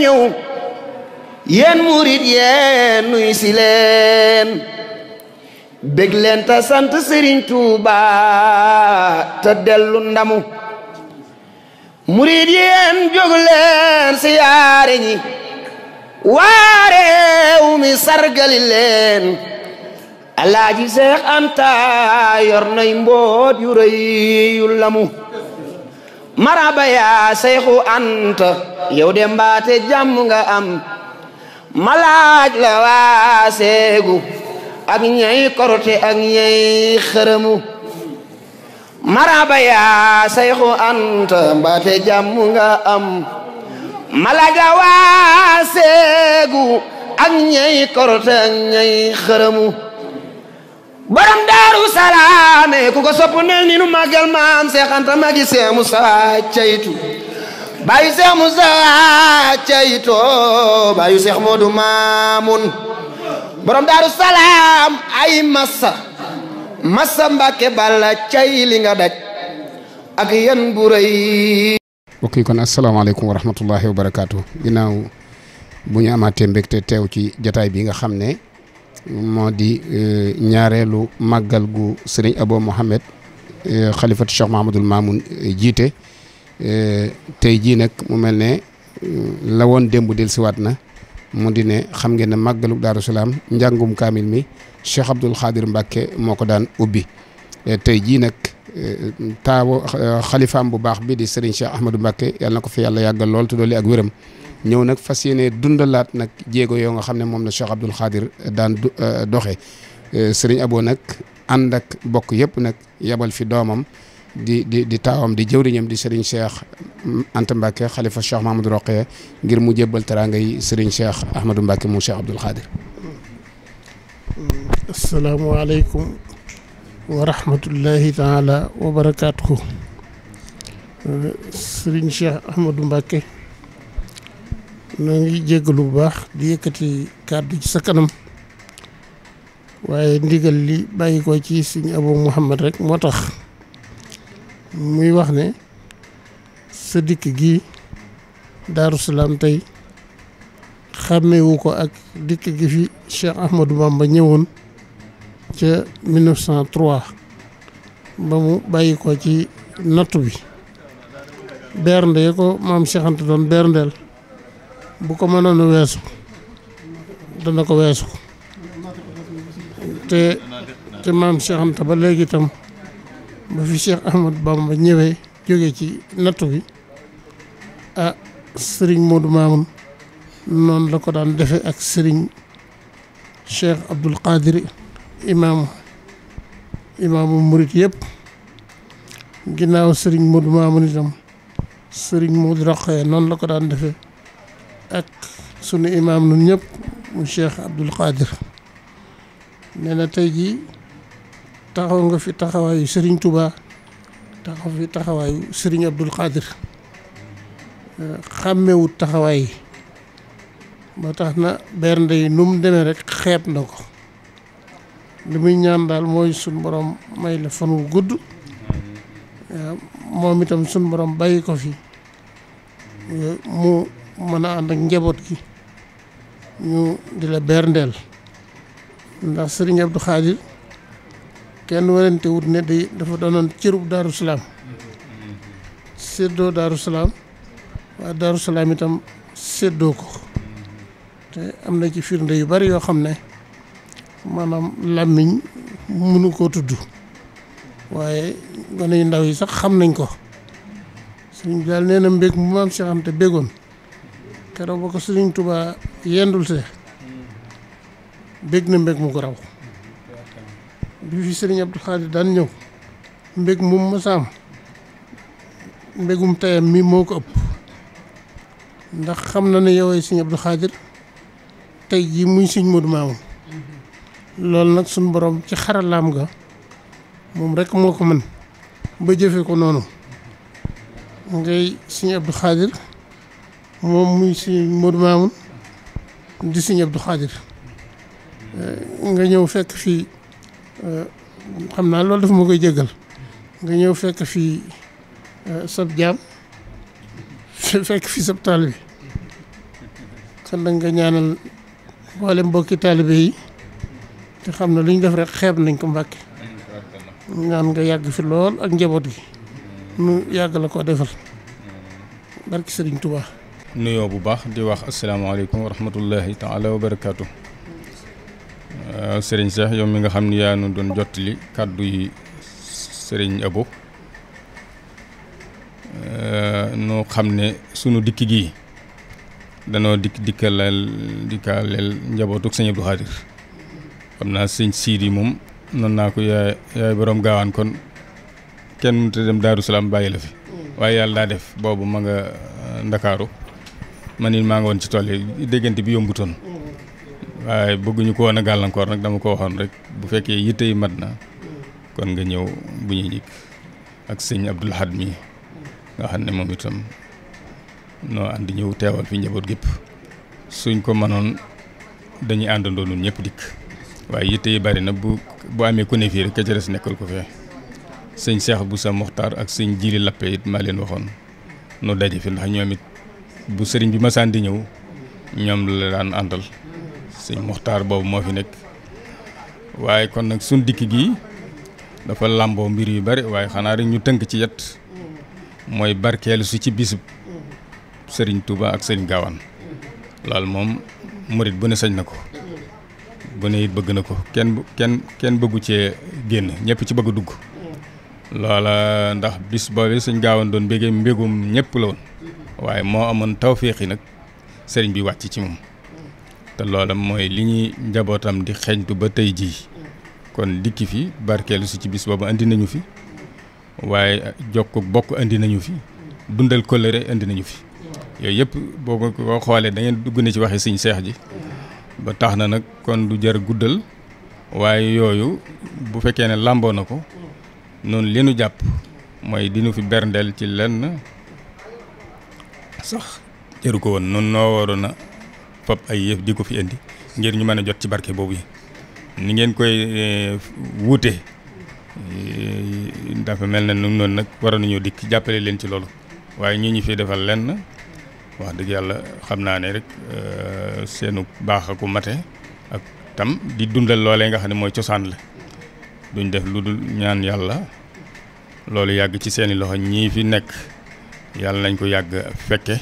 ñëw yéen murit yéen nuy si leen bég te sant Sëriñ Tuuba te dellu ndamu murit yéen jóg leen si yaare ñi waare mi sargali leen alaaji Seex Anta yor nay mboot yu rëy yu lamu maraba yaa sayxu anta yow de mbaate jàmm nga am malaaj la waa seegu ak ñey korote ak ñey xërëmu maraba yaa sayxu anta mbaate jàmm nga am malaaj la waa seegu ak ñey korote ak ñey xërëmu borom daaru salaame ku ko sopp mel ni nu màggal maam Seex Anta magi Seex Musa caytu bàyyi Seex Musa cayto bàyyi Seex Moodu Maamun borom daaru ay massa massa Mbàkke balla cay nga daj ak yan bu rëy kon asalaamaaleykum wa rahmatullahi wa barakaatu ginnaaw bu ñu amaatee mbégte teew ci jataay bi nga xam ne moo di euh, ñaareelu màggal gu sëriñ Abo Mohamed euh, xalifatu Cheikh Mahamadul Mamoun euh, jiite tey jii nag mu mel ne la woon démb dellusiwaat na mu di ne xam ngeen ne màggalu Daaru Salaam njàngum kaamil mi Cheikh Abdoul Khadir Mbacke moo ko daan ubbi tey jii nag taawo xalifaam bu baax bi di sëriñ Cheikh Ahmadou Mbacke yàlla na ko fi yàlla yàggal lool te dolli ak wéram. ñëw nag fas yéene dundalaat nag jéego yoo nga xam ne moom na Cheikh Abdoul Khadir daan euh, doxe euh, sëriñ Abo nag ànd bokk yépp nag yabal fi doomam di di di taawam di jëwriñam di sëriñ Cheikh Anta Mbacke xalifa Cheikh Mahamadou Roqee ngir mu jébbal teraanga yi sëriñ Cheikh Ahmadou Mbacke mu Cheikh Abdoul Khadir. noo ngi jéggalu bu baax di yëkkati kàddu ci sa kanam waaye ndigal li bàyyi ko ci suñu abu muhammad rek moo tax muy wax ne sa dikk gi daaru tey xàmmewu ko ak dikk gi fi Cheikh Ahmadou Bamba ñëwoon ca 1903 ba mu bàyyi ko ci nattu bi bernde ko maam Cheikh Anta doon berndeel bu ko mënoon weesu dana ko weesu te maam Cheikh ba léegi itam ba fi Cheikh Ahmad Bamba ñëwee jóge ci nattu wi ah sëriñ Modou Mamoun noonu la ko daan defe ak sëriñ Cheikh Abdoul Qadir imaamu imaamu murit yëpp ginnaaw sëriñ Modou Mamoun itam Serigne Modou Rokhaya noonu la ko daan defee. ak sunu imaam nun ñëpp mu Cheikh Abdoul Khadir nee na tey jii taxaw nga fi taxawaayu sëriñ Touba taxaw fi taxawaayu Serigne Abdoul Khadir xàmmewut taxawaay yi ba tax na bernde yi nu mu demee rek xeeb na ko li muy ñaan daal mooy sunu borom may la fan wu gudd moom itam sunu borom bàyyi ko fi mu. mën a ànd ak njaboot gi ñu di la berndeel ndax sëriñ Abdou Khadir kenn werante wut ne day dafa doonoon cërub Daaru Salaam séddoo Daaru Salaam waa Daaru itam séddoo ko te am na ci firnde yu bari yoo xam ne maanaam làmmiñ mënu koo tudd waaye gone yu ndaw yi sax xam nañ ko sëriñ daal nee na mbég mu maam si xam te bégoon keroog ba ko Sëriñ Tuubaa yendul see mbég na mbég mu ko bi fi Sëriñ Abdou Khadir daan ñëw mbég mu ma saam mbégum tayam mi moo ko ëpp ndax xam na ne yowee Sëriñ Abdou Khadir tey jii muy Sëriñ Modou Mamoun loolu nag suñ borom ci xaralaam ga moom rek moo ko mën ba jëfe ko noonu ngay Sëriñ Abdou Khadir moom muy si Modou Mamoun di si Abdou Khadir eh, nga ñëw fekk fii eh, xam naa loolu dafa ma koy jéggal nga ñëw fekk fii eh, sab jaam fekk fii sab taalibe kon nag nga ñaanal wale mbokki taalibe yi te xam na lu ñu def rek xeeb nañ ko mbàkke ñaan nga yàgg fi lool ak njaboot gi nu yàgg la ko defal barki Sëriñ Tuubaa nuyoo bu baax di wax asalaamaaleykum wa rahmatullahi taala wa barakaatu. sëriñ Cheikh yow mi nga xam ni yaa nu doon jottali kàddu yi sëriñ Abo nu xam ne sunu dikk gii danoo dikk dikkaleel dikkaaleel njabootuk sëñ Abdou Khadir xam naa sëñ Siidi moom noonu naa ko yaay yaay borom gaawaan kon kenn mënut a dem Daaru Salaam bàyyi la fi mm. waaye yàlla daa def boobu ma nga uh, Ndakaaru man it maa ngi woon ci tool yi déggante bi yombutoon waaye bëgguñu ko woon a gàllankoor nag dama ko waxoon rek bu fekkee yitte yi mat na kon nga ñëw bu ñuy njëkk ak sëñ Abdul Ahad mi nga xam ne moom itam noo ànd ñëw teewal fi njaboot gépp suñ ko mënoon dañuy àndandoo ñun ñëpp dikk waaye yitte yi bari na bu amee ku ne fii rek ka nekkal ko fee sëñ bu Boussa Mokhtar ak sëñ Jili Lappe it maa leen waxoon noo daje fi ndax ñoom it bu sëriñ bi masaan di ñëw ñoom la daan àndal sëñ muxtaar boobu moo fi nekk waaye kon nag suñ dikk gi dafa làmboo mbir yu bari waaye xanaa rek ñu tënk ci yet mooy barkeelu si ci bisub sëriñ Touba ak sëriñ Gaawaan loolu moom murit bu ne sañ na ko bu ne it bëgg na ko kenn kenn kenn bëggu cee génn ñëpp ci bëgg dugg loola ndax bis boobu sëñ Gaawaan doon mbégee mbégum ñëpp la woon waaye moo amoon tawféex yi nag sëriñ bi wàcc ci moom te loolam mooy li ñuy njabootam di xeeñtu ba tey jii kon dikki fi barkeelu si ci bis boobu andi nañu fi waaye jokk bokk indi nañu fi dundal kóllëre indi nañu fi yooyu yëpp boo ko xoolee da dugg na ci waxi sëñ seex ji ba tax na nag kon du jar guddal waaye yooyu bu fekkee ne làmboo na ko noonu li nu jàpp mooy dinu fi berndeel ci lenn sax jëru ko woon noonu noo waroon a fab ay yëf di ko fi indi ngir ñu mën a jot ci barke boobu yi ni ngeen koy e, wuute e, dafa mel na nun noonu nag waroon nañoo dikk jàppale leen ci loolu waaye ñii ñu fi defal lenn wax dëgg yàlla xam naa ne rek e, seenu baax aku mate ak tam di dundal loolee nga xam ne mooy cosaan la duñ def lu dul ñaan yàlla loolu yàgg ci seeni loxo ñii fi nekk yàlla nañ ko yàgg fekke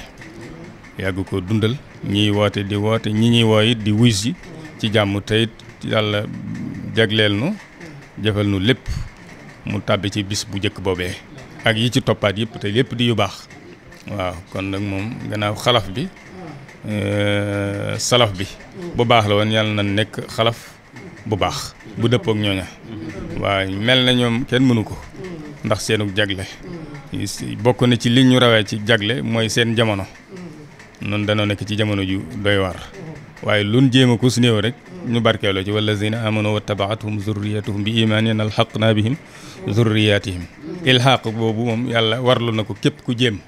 yàgg ko dundal ñiy woote di woote ñi ñuy woo di wuy si ci jàmm teyit yàlla jagleel nu jëfal nu lépp mu tàbbi ci bis bu njëkk boobee ak yi ci toppaat yëpp te lépp di yu baax waaw kon nag moom gannaaw xalaf bi euh, salaf bi bu baax la woon yàlla na nekk xalaf bu baax bu dëppook ñooña mm-hmm. waaye mel na ñoom kenn mënu ko ndax seenu jagle bokk na ci li ñu rawee ci jagle mooy seen jamono mm-hmm. noonu danoo nekk ci jamono ju doy waar waaye lun jéem a ku su néew rek mm-hmm. ñu barkeeloo ci wallazina amanu wa tabaatuhum zurriyatuhum bi imaanin alxaqna bihim mm-hmm. zurriyatihim ilxaq boobu moom yàlla warlu na ko képp ku jéem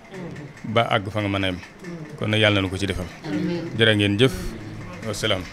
ba àgg fa nga mën a yem kon nag yàlla na ko ci defal jërë ngeen jëf wasalaam